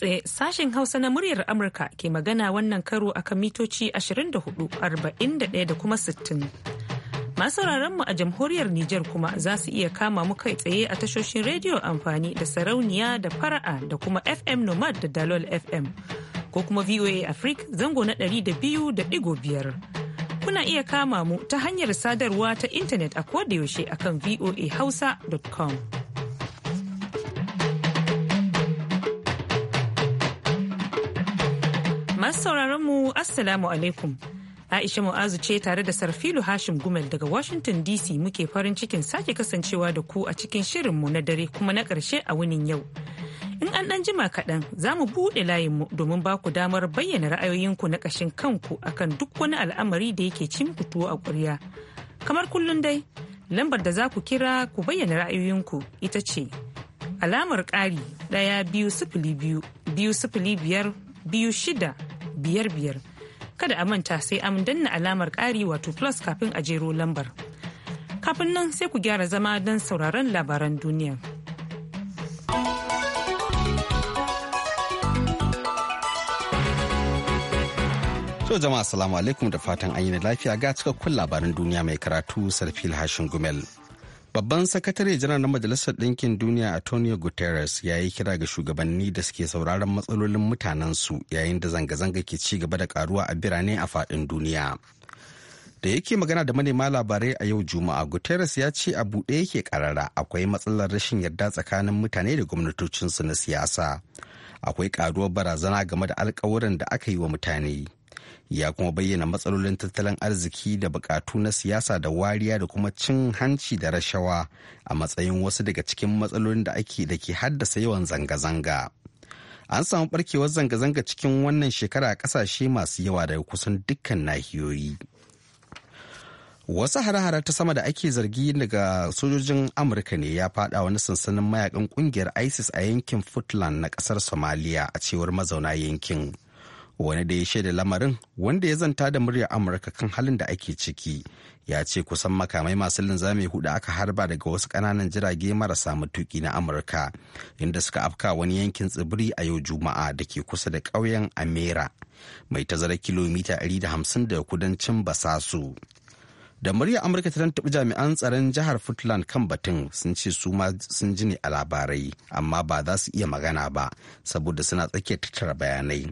tsaye sashen Hausa na muryar Amurka ke magana wannan karo akan mitoci 24,41 da kuma 60. Masu mu a jamhuriyar Nijar kuma za su iya kama mu kai tsaye a tashoshin rediyo amfani da sarauniya da fara'a da kuma FM Nomad da Dalol FM ko kuma VOA Africa zango na biyar kuna iya kama mu ta hanyar sadarwa ta intanet a kodayaushe akan voahausa.com. Masu sauraron mu Assalamu alaikum. Aisha Mu'azu ce tare da Sarfilu Hashim Gumel daga Washington DC muke farin cikin sake kasancewa da ku a cikin shirinmu na dare kuma na ƙarshe a wunin yau. In an ɗan jima kaɗan za mu buɗe layinmu domin ba ku damar bayyana ra'ayoyinku na ƙashin kanku akan duk wani al'amari da yake cin tuwo a ƙwarya. Kamar kullum dai, lambar da za ku kira ku bayyana ra'ayoyinku ita ce alamar ƙari ɗaya biyu sifili biyu biyu sifili biyar biyu shida biyar biyar kada a manta sai an danna alamar ƙari wato plus kafin a jero lambar kafin nan sai ku gyara zama don sauraron labaran duniya. To jama'a assalamu alaikum da fatan an yi lafiya ga cikakkun labaran duniya mai karatu sarfil hashin gumel. Babban sakatare janar na Majalisar Ɗinkin Duniya Antonio Guterres ya yi kira ga shugabanni da suke sauraron matsalolin mutanensu yayin da zanga-zanga ke ci gaba da karuwa a birane a faɗin duniya. Da yake magana da manema labarai a yau Juma'a, Guterres ya ce a buɗe yake karara akwai matsalar rashin yarda tsakanin mutane da gwamnatocinsu na siyasa. Akwai karuwar barazana game da alkawuran da aka yi wa mutane. ya kuma bayyana matsalolin tattalin arziki da bukatu na siyasa da wariya da kuma cin hanci da rashawa a matsayin wasu daga cikin matsalolin da ake da ke haddasa yawan zanga-zanga an samu barkewar zanga-zanga cikin wannan shekara a kasashe masu yawa daga kusan dukkan nahiyoyi wasu hare-hare ta sama da ake zargi daga sojojin amurka ne ya fada wani sansanin mayakan kungiyar isis a yankin footland na kasar somalia a cewar mazauna yankin wani da ya shaida lamarin wanda ya zanta da muryar amurka kan halin da ake ciki ya ce kusan makamai masu linzami hudu aka harba daga wasu kananan jirage marasa matuki na amurka inda suka afka wani yankin tsibiri a yau juma'a da ke kusa da ƙauyen amera mai tazarar kilomita 150 daga kudancin basasu da muryar amurka ta taɓa jami'an tsaron jihar Puntland kan batun sun ce su ma sun ji ne a labarai amma ba za su iya magana ba saboda suna tsakiyar tattara bayanai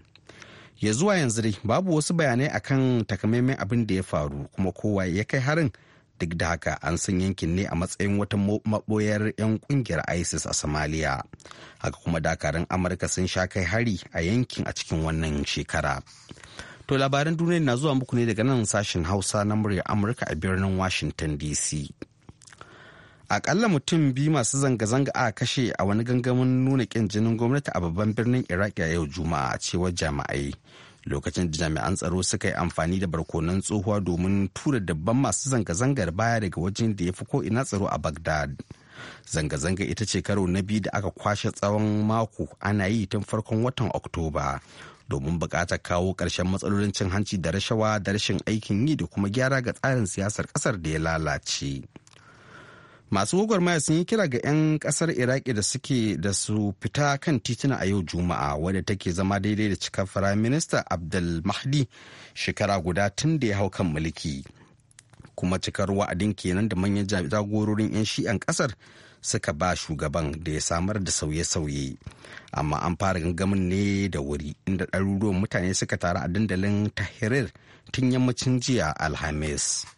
ya zuwa yanzu dai babu wasu bayanai akan takamaiman abin da ya faru kuma kowa ya kai harin duk da haka an san yankin ne a matsayin wata maboyar 'yan kungiyar isis a somalia haka kuma dakarun amurka sun sha kai hari a yankin a cikin wannan shekara to labaran duniya na zuwa muku ne daga nan sashen hausa na murya amurka a birnin washington dc akalla mutum biyu masu zanga-zanga a kashe a wani gangamin nuna kin jinin gwamnati a babban birnin iraq a yau juma'a cewar jami'ai lokacin da jami'an tsaro suka yi amfani da barkonan tsohuwa domin tura dabban masu zanga-zangar baya daga wajen da ya fi ko ina tsaro a bagdad zanga-zanga ita ce karo na biyu da aka kwashe tsawon mako ana yi tun farkon watan oktoba domin buƙatar kawo ƙarshen matsalolin cin hanci da rashawa da rashin aikin yi da kuma gyara ga tsarin siyasar ƙasar da ya lalace. masu gwagwarmaya sun yi kira ga 'yan kasar iraki da suke da su fita kan tituna a yau juma'a wadda take zama daidai da cikar firayim minista abdul mahdi shekara guda tun da ya hau kan mulki kuma cikar wa'adin kenan da manyan jagororin 'yan shi'an kasar suka ba shugaban da ya samar da sauye-sauye amma an fara gangamin ne da wuri inda ɗaruruwan mutane suka taru a dandalin tahirir tun yammacin jiya alhamis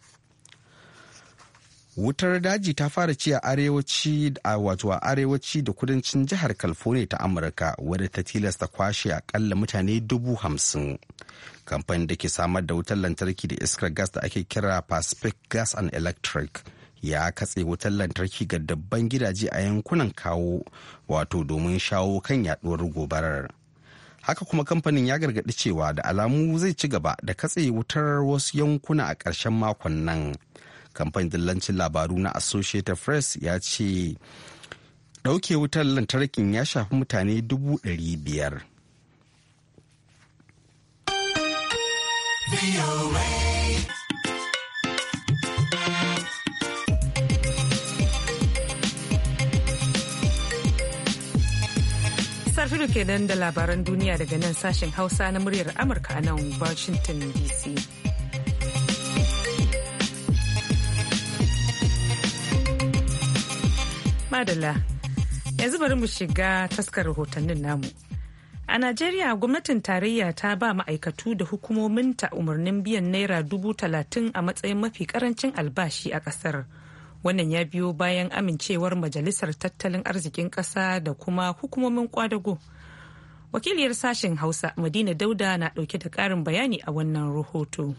wutar daji ta fara ci a arewaci a wato a arewaci da kudancin jihar california ta amurka wadda ta tilasta kwashe akalla mutane dubu hamsin kamfanin da ke samar da wutar lantarki da iskar gas da ake kira pacific gas and electric ya katse wutar lantarki ga dabban gidaje a yankunan kawo wato domin shawo kan yaduwar gobarar haka kuma kamfanin ya gargaɗi cewa da alamu zai ci gaba da katse wutar wasu yankuna a ƙarshen makon nan kamfanin dillancin labaru na associated press ya ce ɗauke wutar lantarkin ya shafi mutane dubu ɗari biyar. Sarfilu kenan da labaran duniya daga nan sashen Hausa na muryar Amurka a nan Washington DC. Madala Yanzu bari mu shiga taskar rahotannin namu. A Najeriya gwamnatin tarayya ta ba ma'aikatu da hukumominta umarnin biyan naira dubu talatin a matsayin mafi karancin albashi a ƙasar. Wannan ya biyo bayan amincewar Majalisar Tattalin Arzikin Ƙasa da kuma hukumomin kwadago. Wakiliyar sashen Hausa Madina Dauda na ɗauke da ƙarin bayani a wannan rahoto.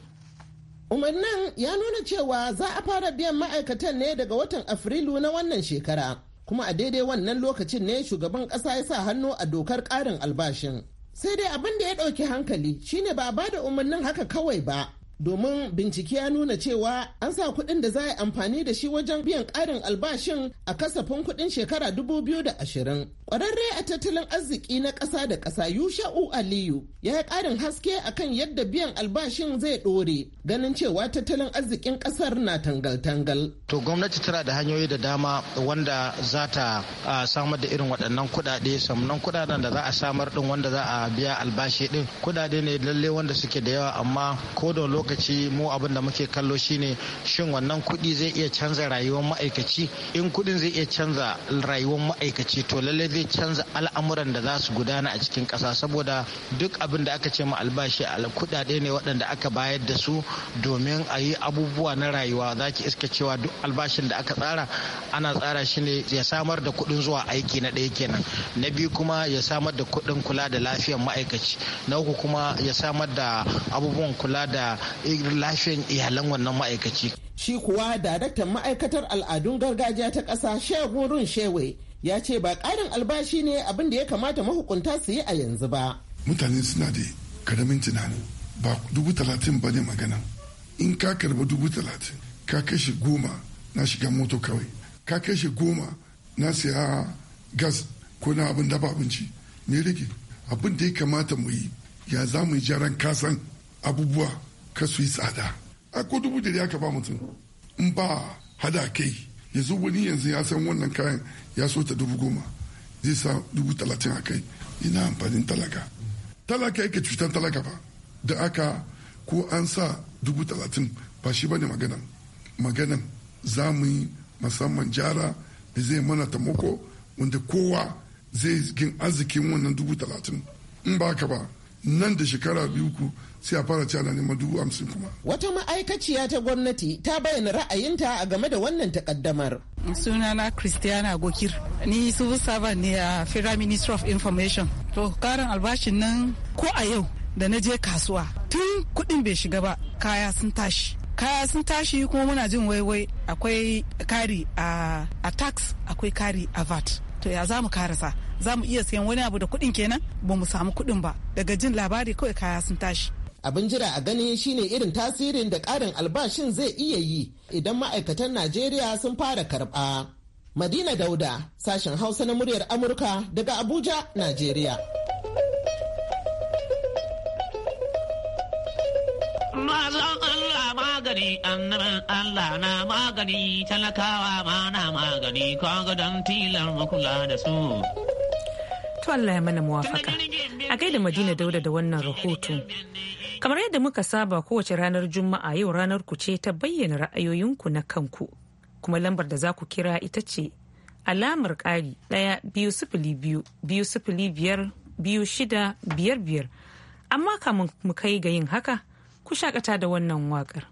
umarnin ya nuna cewa za a fara biyan ma'aikatan ne daga watan afrilu na wannan shekara kuma a daidai wannan lokacin ne shugaban ƙasa ya sa hannu a dokar ƙarin albashin sai dai abin da ya ɗauki hankali shine ba a bada umarnin haka kawai ba domin bincike ya nuna cewa an sa kuɗin da za a amfani da shi wajen biyan ƙarin albashin a kasafin kuɗin shekara 2020. Ƙwararre a tattalin arziki na ƙasa da ƙasa Yusha'u Aliyu ya yi karin haske akan yadda biyan albashin zai ɗore ganin cewa tattalin arzikin kasar na tangal-tangal. To gwamnati tana da hanyoyi da dama wanda za ta samar da irin waɗannan kuɗaɗe sannan kuɗaɗen da za a samar ɗin wanda za a biya albashi ɗin kuɗaɗe ne lalle wanda suke da yawa amma ko da lokaci lokaci mu abin da muke kallo shine shin wannan kudi zai iya canza rayuwar ma'aikaci in kudin zai iya canza rayuwar ma'aikaci to lallai zai canza al'amuran da za su gudana a cikin kasa saboda duk abin da aka ce ma albashi kuɗaɗe ne waɗanda aka bayar da su domin a yi abubuwa na rayuwa za ki iska cewa duk albashin da aka tsara ana tsara shi ne ya samar da kuɗin zuwa aiki na ɗaya kenan na biyu kuma ya samar da kuɗin kula da lafiyar ma'aikaci na uku kuma ya samar da abubuwan kula da lashin iyalan wannan ma'aikaci. Shi kuwa daraktan ma'aikatar al'adun gargajiya ta ƙasa Shegurun Shewe ya ce ba ƙarin albashi ne abin da ya kamata mahukunta su yi a yanzu ba. Mutane suna da karamin tunani ba dubu talatin ba ne magana. In ka karba dubu talatin ka kashe goma na shiga moto kawai ka kashe goma na siya gas ko na abin dafa abinci me rage abin da ya kamata mu yi ya za mu yi jaran kasan abubuwa ka su yi tsada a ko dubu da ka ba mutum in ba hada kai yanzu wani yanzu ya san wannan kayan ya so ta dubu goma zai sa dubu talatin a kai ina amfanin talaka talaka yake cutar talaka ba da aka ko an sa dubu talatin ba shi ba ne maganan maganan za mu yi musamman jara da zai mana tamako wanda kowa zai gin arzikin wannan dubu talatin in ba ka ba nan da shekara biyu ku sai a fara cana neman dubu hamsin kuma. Wata ma'aikaciya ta gwamnati ta bayyana ra'ayinta a game da wannan takaddamar. Sunana Christiana Gokir, ni civil servant ne a Federal Ministry of Information. To, karin albashin nan ko a yau da na je kasuwa tun kuɗin bai shiga ba kaya sun tashi. kaya sun tashi kuma muna jin waiwai akwai kari a tax akwai kari a vat to ya za mu karasa za mu iya sayan wani abu da kuɗin kenan ba mu samu kuɗin ba daga jin labari kawai kaya sun tashi abin jira a gani shine irin tasirin da ƙarin albashin zai iya yi idan ma'aikatan najeriya sun fara karɓa madina dauda sashen hausa na muryar amurka daga abuja najeriya Mala, magani annabin Allah na magani talakawa ma na magani kaga don tilar makula da su. To Allah ya mana muwafaka. A gaida Madina Dauda da wannan rahoto. Kamar yadda muka saba kowace ranar Juma'a yau ranar ku ce ta bayyana ra'ayoyinku na kanku. Kuma lambar da za ku kira ita ce alamar ƙari ɗaya biyu sifili biyu biyu sifili biyar biyu shida biyar biyar. Amma kamun mu kai ga yin haka ku shakata da wannan waƙar.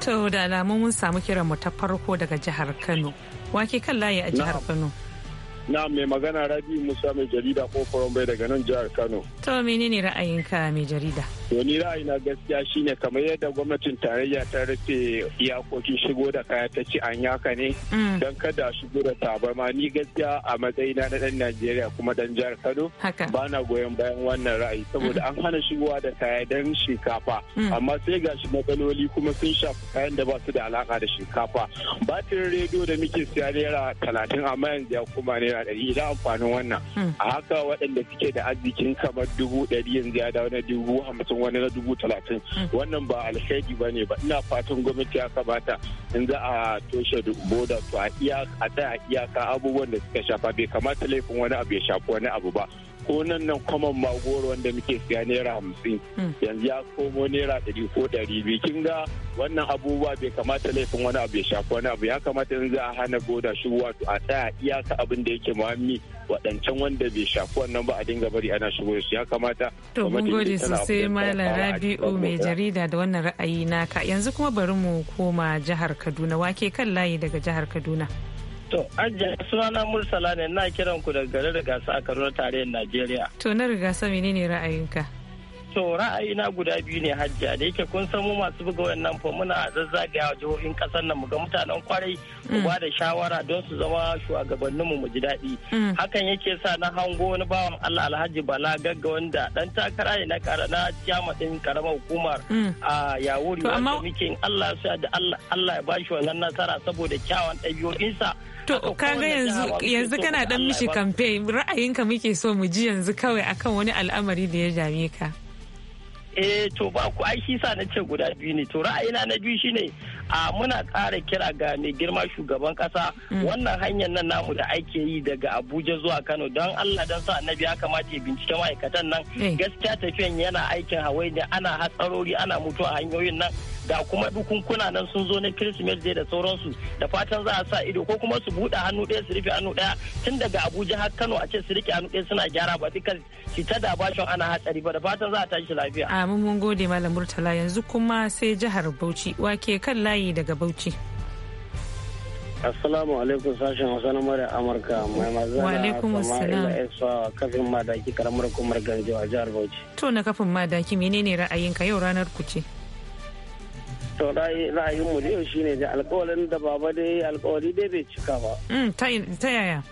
To da alamu mun samu kiran mu ta farko daga jihar Kano. Wake kan layi a jihar Kano. Na mai magana Rabi Musa mai jarida ko bai daga nan jihar Kano. To menene ra'ayinka mai jarida? wani ra'ayi na gaskiya shine kamar yadda gwamnatin tarayya ta rufe iyakokin shigo da kaya ta ci an yaka ne mm. don kada shigo da tabarma ni gaskiya a matsayina na dan najeriya kuma ɗan jihar kano ba na goyon bayan wannan ra'ayi saboda mm. an hana shigowa da kaya don shinkafa mm. amma sai ga shi matsaloli kuma sun shafi kayan da ba su da alaka da shinkafa batirin rediyo da muke siya naira talatin amma yanzu ya kuma naira ɗari idan amfanin wannan a haka waɗanda suke da arzikin kamar dubu ɗari yanzu ya dawo na dubu hamsin wani na dubu talatin wannan ba alheri ba ne ba ina fatan gwamnati ya kamata in za a toshe boda to a iya a iyaka abubuwan da suka shafa bai kamata laifin wani abu ya shafi wani abu ba wannan nan kwamon magoro wanda muke siya naira hamsin hmm. yanzu ya komo naira ɗari ko ɗari biyu kin ga wannan abubuwa bai kamata laifin wani abu ya shafi wani abu ya kamata in za a hana goda shi wato a tsaya iyaka abin da yake muhammi waɗancan wanda bai shafi wannan ba a dinga bari ana shigo shi ya kamata. To mun gode sosai Malam Rabi'u mai jarida da wannan ra'ayi naka yanzu kuma bari mu koma jihar Kaduna wake kan layi daga jihar Kaduna. To, Ajiya sunana Mursala ne na kiran ku daga garin Rigasa a Kaduna tarayyar Najeriya. To, na Rigasa menene ra'ayinka? to ra'ayina guda biyu ne hajja da yake kun san mu masu buga wannan fa muna zazzagaya jihohin kasar nan mu ga mutanen kwarai mu mm. ba da shawara don su zama shugabannin mu mu ji daɗi mm. hakan yake sa na hango wani bawan Allah Alhaji Bala Gagga wanda dan takara ne na karana ciyama din karamar hukumar mm. a Yawuri wanda muke Allah ya da Allah Allah ya bashi wannan nasara saboda kyawun sa to kaga yanzu yanzu kana dan mishi campaign ra'ayinka muke so mu ji yanzu kawai akan wani al'amari da ya dame ka eh to ba ku ai shi sa na ce guda biyu ne to ra'ayina na biyu shine a muna ƙara kira ga mai girma shugaban ƙasa mm. wannan hanyar nan namu da ake yi daga abuja zuwa kano don allah don sa annabi ya kamata ya bincike ma'aikatan nan eh. gaskiya tafiyan yana aikin hawai ne ana hatsarori ana mutuwa hanyoyin nan da kuma dukunkuna nan sun zo na kirsimeti da sauransu da fatan za a sa ido ko kuma su buɗe hannu ɗaya su rufe hannu ɗaya tun daga abuja har kano a ce su rike hannu ɗaya suna gyara ba duka shi da bashin ana hatsari ba da fatan za a tashi lafiya. a mun gode malam murtala yanzu kuma sai jihar bauchi wake kan layi layi daga Bauchi. Assalamu alaikum sashen Hausa na mara Amurka mai mazana Sama'ila Eswa kafin madaki karamar kumar Ganjo a jihar Bauchi. To na kafin madaki menene ra'ayinka yau ranar ku ce? To mu da yau shine da alkawalin da baba dai alkawari dai bai cika ba. Mm, ta yaya?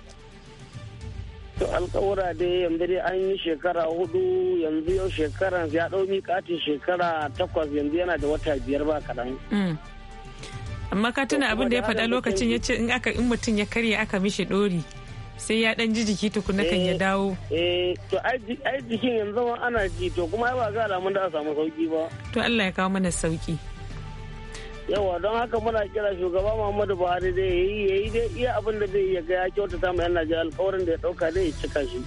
To alkawura dai yanzu dai an yi shekara hudu yanzu yau shekaran ya ɗau miƙatin shekara takwas yanzu yana da wata biyar ba kaɗan. Mm. amma ka tuna abin da ya faɗa lokacin ya ce in aka in mutum ya karya aka mishi dori sai ya dan ji jiki tukuna kan ya eh, dawo eh to ai jikin yanzu ma ana ji to kuma ba ga alamun da a samu sauki ba to Allah ya kawo mana sauki yawa don haka muna kira shugaba Muhammadu Buhari dai yayi yayi da iya abin da zai iya ga ya kyautata ma yana Najeriya alƙawarin da ya dauka dai ya cika shi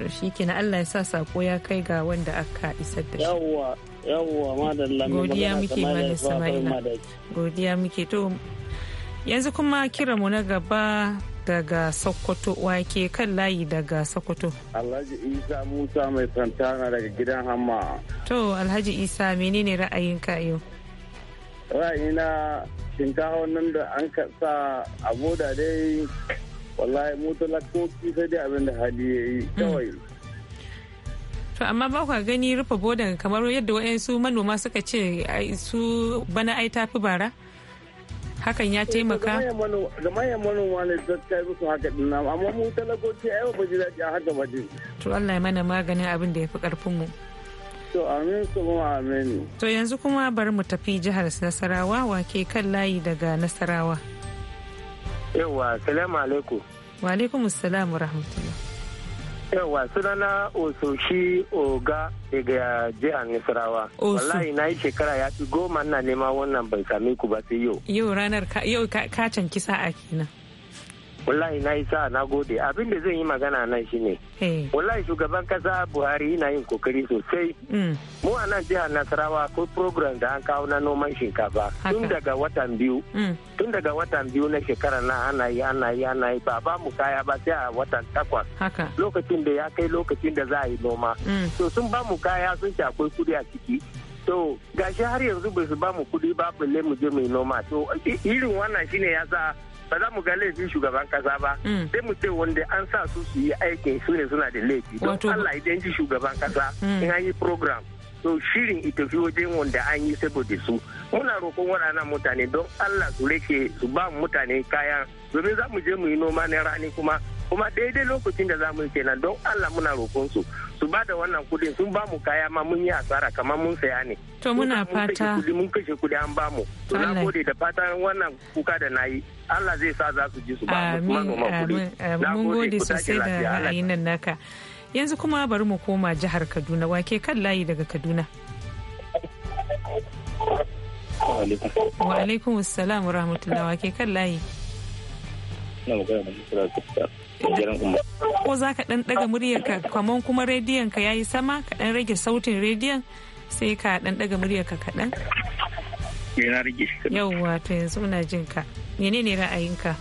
to shikenan Allah ya sa sako ya kai ga wanda aka isar da shi yawa yawwa godiya muke godiya muke to yanzu kuma kira mu na gaba daga sokoto wake kan layi daga sokoto alhaji isa musa mai santana daga gidan hamma to alhaji isa menene ra'ayinka yau ra'ayina shinkawa nan da an sa a boda dai wallahi mutu talakoki sai dai abin da hali ya yi mm. kawai to amma ba kwa gani rufe bodan kamar yadda waɗansu manoma suka ce su bana ai tafi bara hakan ya taimaka eh, gamayen manoma ne don ta musu haka dinna amma mu talagoci ai ba ji daɗi a haka ba to Allah ya mana maganin abin da ya fi karfin mu to amin kuma amin to yanzu kuma bari mu tafi jihar Nasarawa wake kan layi daga Nasarawa yawa salamu alaikum wa alaikum salam wa rahmatullah yawa sunana ososhi oga daga jihar nasarawa wallahi na yi shekara ya fi goma na nema wannan bai sami ku ba sai yau yau ranar yau ka kisa a kenan wallahi na yi sa'a na gode abin da zan yi magana nan shine wallahi shugaban kasa buhari yana yin kokari sosai mm. mu a nan jihar nasarawa ko program da an kawo na noman shinkafa tun daga watan biyu mm. tun daga watan biyu na shekara na ana yi ana yi ana yi ba ba mu kaya ba sai a watan takwas lokacin da ya kai lokacin da za a yi noma mm. to sun ba mu kaya sun ci akwai kudi a ciki to gashi har yanzu bai su ba mu kudi ba balle mu je mu yi noma to irin wannan shine ya sa ba za mu ga laifin shugaban kasa ba mm. sai mu ce wanda an sa su su yi aikin su ne suna da laifi don Allah idan ji shugaban kasa mm. in an yi program to shirin itafi wajen wanda an yi saboda su muna roƙon waɗannan mutane don Allah su rike su ba mutane kaya domin za mu je mu yi noma na rani kuma kuma daidai lokacin da za mu yi kenan don Allah muna roƙon su su ba da wannan kudin sun ba mu kaya ma mun yi asara kamar mun saya ne to muna fata mun kashe kudi an ba mu to na gode da fata wannan kuka da na yi Allah zai sa za su ji su ba mu manoma kudi mun gode sosai da ra'ayin nan naka yanzu kuma bari mu koma jihar Kaduna wake kan layi daga Kaduna wa alaikum assalam wa rahmatullahi wake kan layi na magana da Ko za ka ɗan ɗaga muryarka kamar kuma ka ya yi sama ka ɗan rage sautin rediyon sai ka ɗan ɗaga muryarka kaɗan. rage kaɗan. Yawwa to yanzu na jin ka. Mene ne ra'ayinka?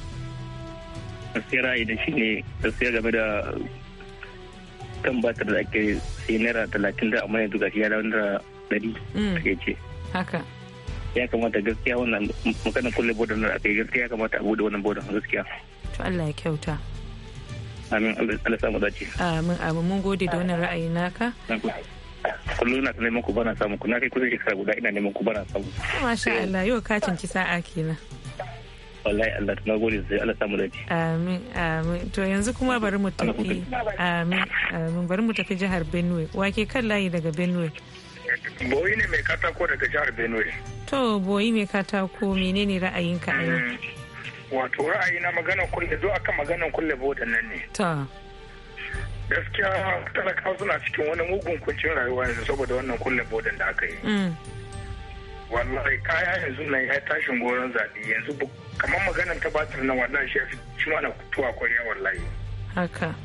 Gaskiya ra'ayi da shi ne gaskiya game da kan batar da ake sai naira talatin da amma yanzu gashi ya dawo naira da Take ce. Haka. ya kamata gaskiya wannan magana kulle bodon da aka yi gaskiya ya kamata a bude wannan bodon gaskiya. To Allah ya kyauta. amin Allah samu dace amin amin mun gode da wannan ra'ayi naka kullum na neman ku bana samu na kai kusa shekara guda ina neman ku bana samu masha Allah yau ka cinci sa'a kenan wallahi Allah ta nagode sai Allah samu dace amin amin to yanzu kuma bari mu tafi amin amin bari mu tafi jihar Benue wake kan layi daga Benue boyi ne mai katako daga jihar Benue to boyi mai katako menene ra'ayinka a yau mm, wato ra'ayi na maganan kulle zo akan maganan kulle bodan nan ne ta gaskiya talakawa suna cikin wani mugun kuncin rayuwa yanzu saboda wannan kulle bodan da aka yi mm. wallahi kaya yanzu nan ya tashin goron zaɓe yanzu kamar maganar ta batir nan wannan shi shi mana kutuwa kwarya wallahi haka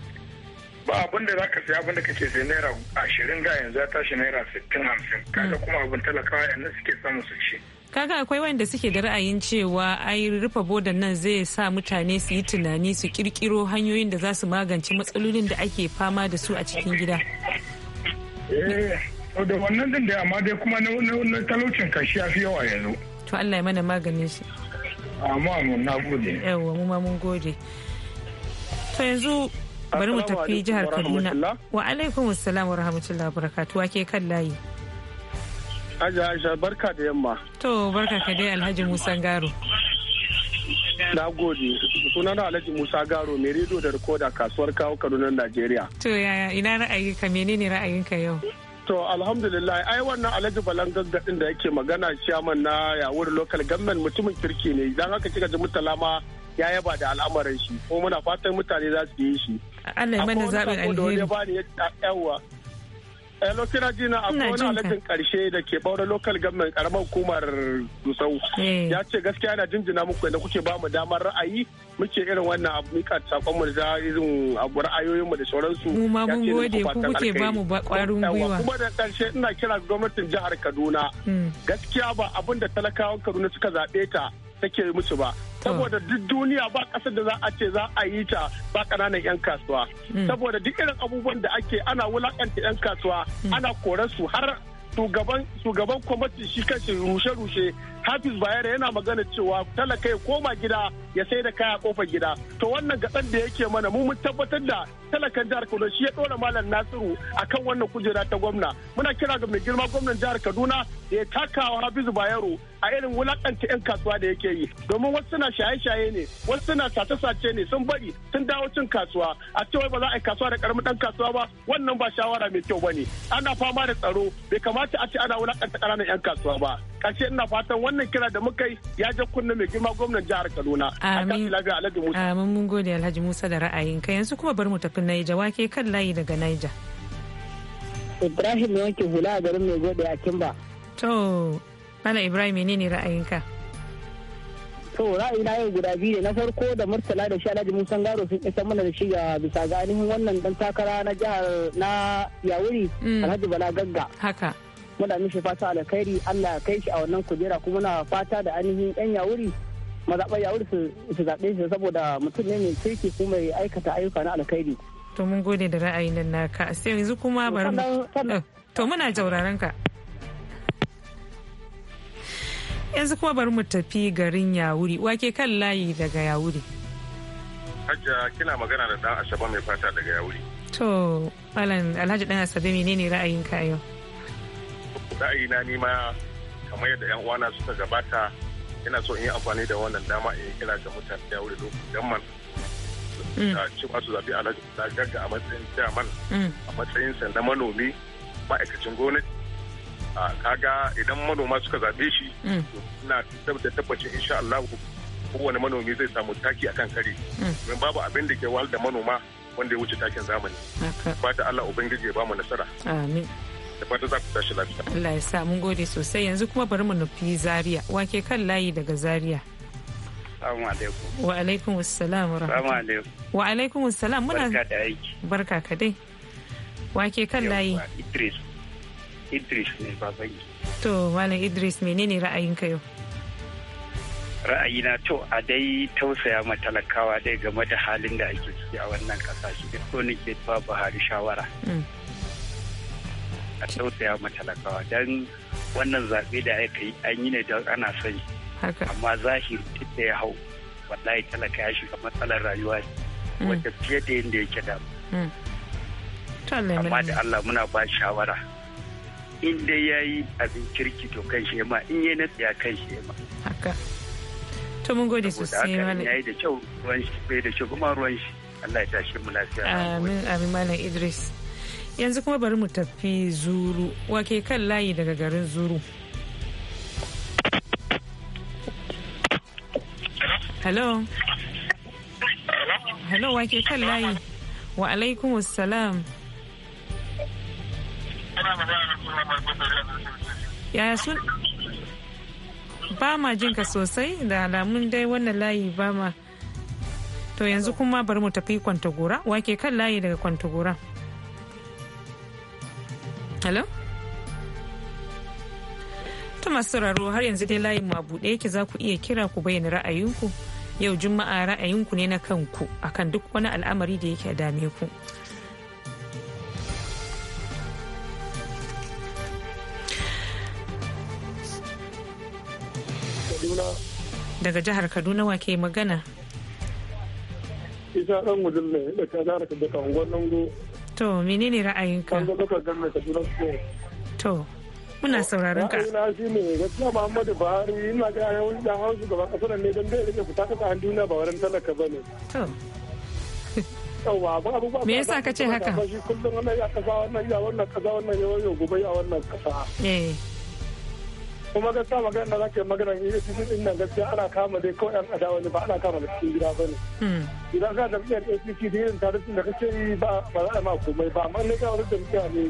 ba abin da zaka saya abin da kake sai naira ashirin ga yanzu ya tashi naira sittin hamsin kaga mm. kuma abin talakawa yanzu suke samun su ci kaga akwai wanda suke da ra'ayin cewa ai rufe bodan nan zai sa mutane su yi tunani su kirkiro hanyoyin da za su magance matsalolin da ake fama da su a cikin gida eh, da wannan din da amma dai kuma na talaucin kashi ya fi yawa yanzu to Allah ya mana maganin shi amma mun na gode yawa mu ma mun gode to yanzu bari mu tafi jihar Kaduna wa alaikum salam wa rahmatullahi wa barakatuh ke kan layi Aja Aisha barka da yamma. To barka ka dai Alhaji Musa Garo. Na gode. Sunana Alhaji Musa Garo mai rediyo da rikoda kasuwar kawo Kaduna Najeriya. To yaya ina ra'ayi ka menene ra'ayinka yau? To alhamdulillah ai wannan Alhaji Balan gaggadin da yake magana ciyaman na yawuri local government mutumin kirki ne idan haka kika ji mutala ma ya yaba da al'amarin shi ko muna fatan mutane za su yi shi. Allah ya mana zaɓin alheri. Hello, kina jina a karshe da ke ɓaure lokal government karamar hukumar Dusau. Eh. Ya ce gaskiya yana jinjina muku da kuke ba mu damar ra'ayi muke irin wannan abu mika sakonmu da irin abu ra'ayoyinmu da sauransu. Mu ma mun gode ku kuke ba mu kwarin gwiwa. Kuma da karshe ina kira gwamnatin jihar Kaduna. Hmm. Gaskiya ba abin da talakawan Kaduna suka zaɓe ta take musu ba saboda duk duniya ba kasar da za a ce za a yi ta ba kananan 'yan kasuwa mm. saboda duk irin abubuwan da ake ana wulaƙanta 'yan kasuwa mm. ana koransu har shugaban kwamiti shi kanshi rushe-rushe hafiz bayero yana magana cewa talaka ya koma gida ya sai da kaya kofar gida to wannan gaɗan da yake mana mu mun tabbatar da talakan jihar kaduna shi ya ɗora malam nasiru akan wannan kujera ta gwamna muna kira ga mai girma gwamnan jihar kaduna da ya taka wa hafiz bayero a irin wulakanta 'yan kasuwa da yake yi domin wasu suna shaye-shaye ne wasu suna sace-sace ne sun bari sun dawo cin kasuwa a cewa ba za a yi kasuwa da karamin ɗan kasuwa ba wannan ba shawara mai kyau ba ne ana fama da tsaro bai kamata a ce ana wulakanta ƙananan 'yan kasuwa ba kashe ina fatan wannan wannan kira da muka yi ya ja kunna mai girma gwamnan jihar Kaduna. Amin. Amin mun gode Alhaji Musa da ra'ayinka yanzu kuma bar mu tafi Naija wake kan layi daga Naija. Ibrahim ya hula a garin mai gode a Kimba. To, Mala Ibrahim ne ra'ayinka? To, ra'ayi na yau guda biyu ne na farko da Murtala da shi Alhaji Musa Garo sun isa mana da shi ga bisa ga ainihin wannan dan takara na jihar na Yawuri mm. Alhaji Bala Gagga. Haka. muna mishi fata alkhairi Allah ya kai shi a wannan kujera kuma muna fata da ainihin yan yawuri mazaɓar yawuri su zaɓe shi saboda mutum ne mai kirki kuma mai aikata ayyuka na alkhairi. To mun gode da ra'ayin nan naka sai yanzu kuma bari eh, to muna jauraran ka. Yanzu kuma bari mu tafi garin yawuri wake kan layi daga yawuri. Hajja kina magana da ɗan Ashaba mai fata daga yawuri. To Alhaji ɗan Asabe menene ra'ayinka yau? ra'ayina ni ma kamar yadda yan uwana suka gabata yana so in yi amfani da wannan dama in kira ga mutane da wuri lokacin jamman mm. da cewa su zaɓi a gagga a matsayin jaman mm. a matsayinsa na manomi ma'aikacin gwamnati kaga idan manoma suka zaɓe shi mm. na da tabbacin insha Allah kowane manomi zai samu taki akan kare domin babu abin da ke wahal da manoma wanda ya wuce takin zamani ba ta Allah ubangiji ya ba mu nasara amin da za ku tashi lafiya Allah ya sa mun gode sosai yanzu kuma bari mu nufi Zaria wake kan layi daga Zaria wa alaikum assalam wa rahmatullahi wa alaikum assalam muna barka da aiki barka ka dai wake kan layi Idris Idris ne baban to malam Idris menene ra'ayinka yau ra'ayina to a dai tausaya ma talakawa dai game da halin da ake ciki a wannan kasashe da ko nake ba Buhari shawara mm. a tausaya talakawa don wannan zaɓe da aka yi an yi ne don ana sani amma zahiri duk da ya hau wallahi talaka ya shiga matsalar rayuwa ne. Mm. wadda fiye da yadda yake da mm. amma da Allah muna ba shawara in dai ya yi abin kirki to kan shi ma in ya na tsaya kan shi ma haka to mun gode sosai mana yayi da kyau ruwan shi bai da kyau kuma ruwan shi Allah ya tashi mu lafiya amin amin malam Idris yanzu kuma bari mu tafi zuru wake kan layi daga garin zuru hello hello wake kan layi wa alaikum salam yaya sun ba ma jinka sosai da alamun dai wannan layi ba ma to yanzu kuma bari mu tafi kwantagora wake kan layi daga kwantagora hello ta masu sauraro har yanzu dai layin ma buɗe yake za ku iya kira ku bayyana ra'ayinku yau juma'a ra'ayinku ne na kanku akan duk wani al'amari da yake dame ku daga jihar kaduna wake magana isa dan mujalla da ta zara ka daga unguwar To menene ra'ayinka? To muna sauraron ka. Ra'ayina shi ne gaskiya Muhammadu Buhari ina ga yawan da hausu kasar ne don bai rike fita kasa duniya ba talaka ba ne. To. Me yasa ka ce haka? kullum wannan ya kasa wannan ya wannan kasa wannan ya gobe ya wannan kasa. Eh. kuma gaskiya magana da zaka yi magana APC nan gaskiya ana kama dai kawai an adawa ne ba ana kama da cikin gida bane hmm. idan ka da biyar APC da irin tarihin da kake yi ba ba za a ma komai ba amma ne ka wani jam'iyya ne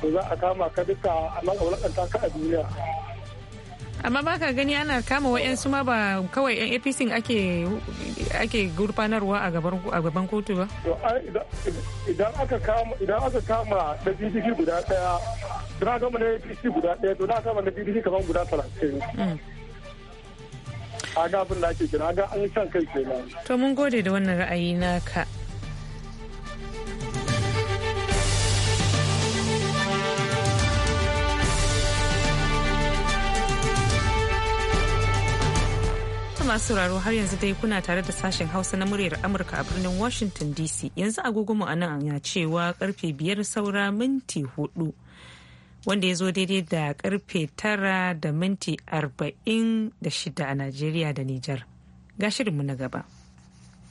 to za a kama ka duka a nan a wulakanta ka a duniya amma ba ka gani ana kama wa'yansu ma ba kawai yan apc ake ake gurfanarwa a gaban kotu ba idan aka kama idan aka kama da pdp guda daya na gama na apc guda daya to na kama na pdp kaman guda talatin mm. a ga da ake gina ga an san kai kenan to mun gode da wannan ra'ayi naka masu sauraro har yanzu dai kuna tare da sashen hausa na muryar amurka a birnin washington dc yanzu agogonmu a nan ya cewa karfe biyar saura minti hudu wanda ya zo daidai da karfe tara da minti arba'in da shida a nigeria da nijar ga shirinmu na gaba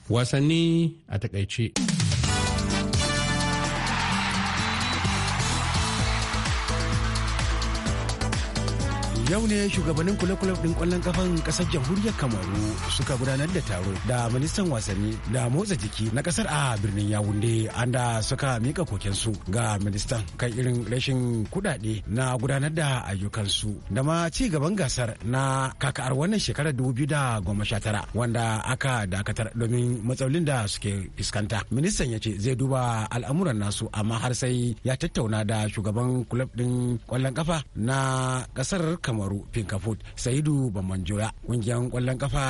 wasanni a takaice Yau ne shugabannin kule-kule ɗin kwallon kafan ƙasar jamhuriyar Kamaru suka gudanar da taro da ministan wasanni da motsa jiki na kasar a birnin Yawunde anda suka mika kokensu ga ministan kan irin rashin kudade na gudanar da ayyukansu da ma ci gaban gasar na kakar wannan shekarar 2019 wanda aka dakatar domin matsalolin da suke fuskanta. Ministan ya ce zai duba al'amuran nasu amma har sai ya tattauna da shugaban kulab ɗin kwallon kafa na kasar Kamaru kamaru finkafut saidu bamanjoya kungiyar kwallon kafa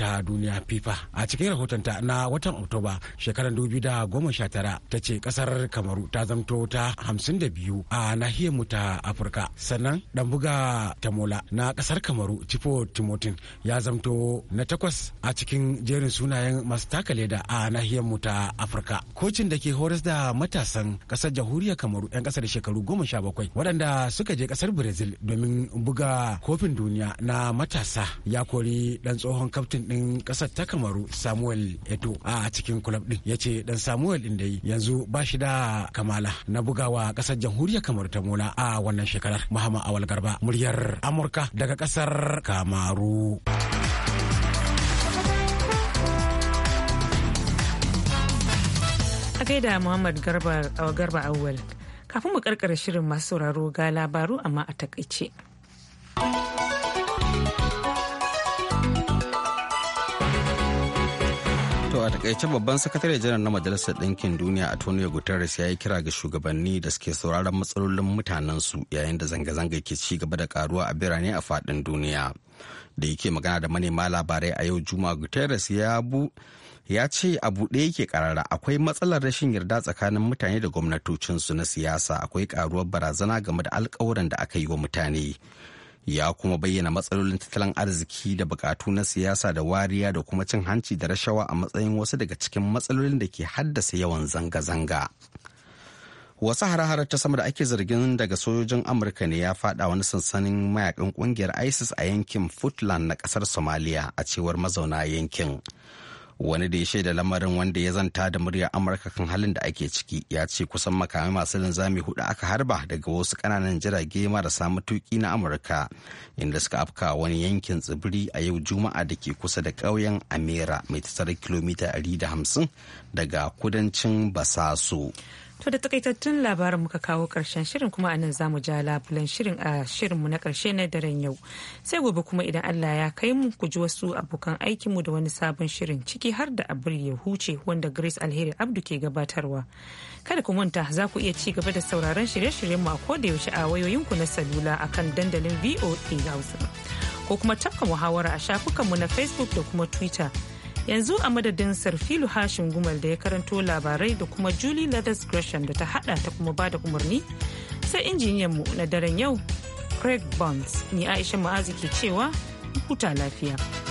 ta duniya fifa a cikin rahotonta na watan oktoba shekarar 2019 ta ce kasar kamaru ta zamto ta 52 a nahiyar mu ta afirka sannan dan buga tamola na kasar kamaru tifo timotin ya zamto na takwas a cikin jerin sunayen masu taka leda a nahiyar mu ta afirka kocin da ke horas da matasan kasar jamhuriyar kamaru 'yan kasar shekaru 17 waɗanda suka je kasar brazil domin buga ga kofin duniya na matasa ya kori dan tsohon kaftin din kasar ta kamaru samuel eto a cikin kulab din ya ce dan samuel din dai yanzu ba shi da kamala na bugawa kasar jamhuriyar kamaru ta mola a wannan shekarar muhammad awal garba muryar amurka daga kasar kamaru a gaida muhammad garba awal kafin mu karkara shirin masu sauraro ga labaru amma a takaice. To a takaice babban sakatare janar na Majalisar Ɗinkin Duniya a Antonio Guterres ya yi kira ga shugabanni da suke sauraron matsalolin mutanensu yayin da zanga-zanga ke ci gaba da karuwa a birane a faɗin duniya. Da yake magana da manema labarai a yau Juma Guterres ya bu ya ce a buɗe yake karara akwai matsalar rashin yarda tsakanin mutane da gwamnatocinsu na siyasa akwai karuwar barazana game da alkawuran da aka yi wa mutane ya kuma bayyana matsalolin tattalin arziki da bukatu na siyasa da wariya da kuma cin hanci da rashawa a matsayin wasu daga cikin matsalolin da ke haddasa yawan zanga-zanga wasu hare-hare ta sama da ake zargin daga sojojin amurka ne ya fada wani sansanin mayakan kungiyar isis a yankin footland na kasar somalia a cewar mazauna yankin wani da ya shaida lamarin wanda ya zanta da muryar amurka kan halin da ake ciki ya ce kusan makamai masu linzami hudu aka harba daga wasu kananan jirage marasa matuki na amurka inda suka afka wani yankin tsibiri a yau juma'a da ke kusa da ƙauyen amera mai tattara kilomita 150 daga kudancin basaso To da takaitattun labarin muka kawo karshen shirin kuma anan za mu ja labulan shirin a shirinmu na karshe na daren yau. Sai gobe kuma idan Allah ya kai mu ku ji wasu abokan aikinmu da wani sabon shirin ciki har da Abril ya huce wanda Grace Alheri Abdu ke gabatarwa. Kada ku manta za ku iya ci gaba da sauraron shirye-shiryenmu a yaushe a wayoyinku na salula akan dandalin VOA Hausa. Ko kuma tafka muhawara a shafukanmu na Facebook da kuma Twitter. yanzu a madadin sarfilu hashin gumal da ya karanto labarai da kuma julie leathers gresham da ta hada ta kuma bada umarni sai injiniyan mu na daren yau craig bonds ni aisha ma'azi ke cewa huta lafiya.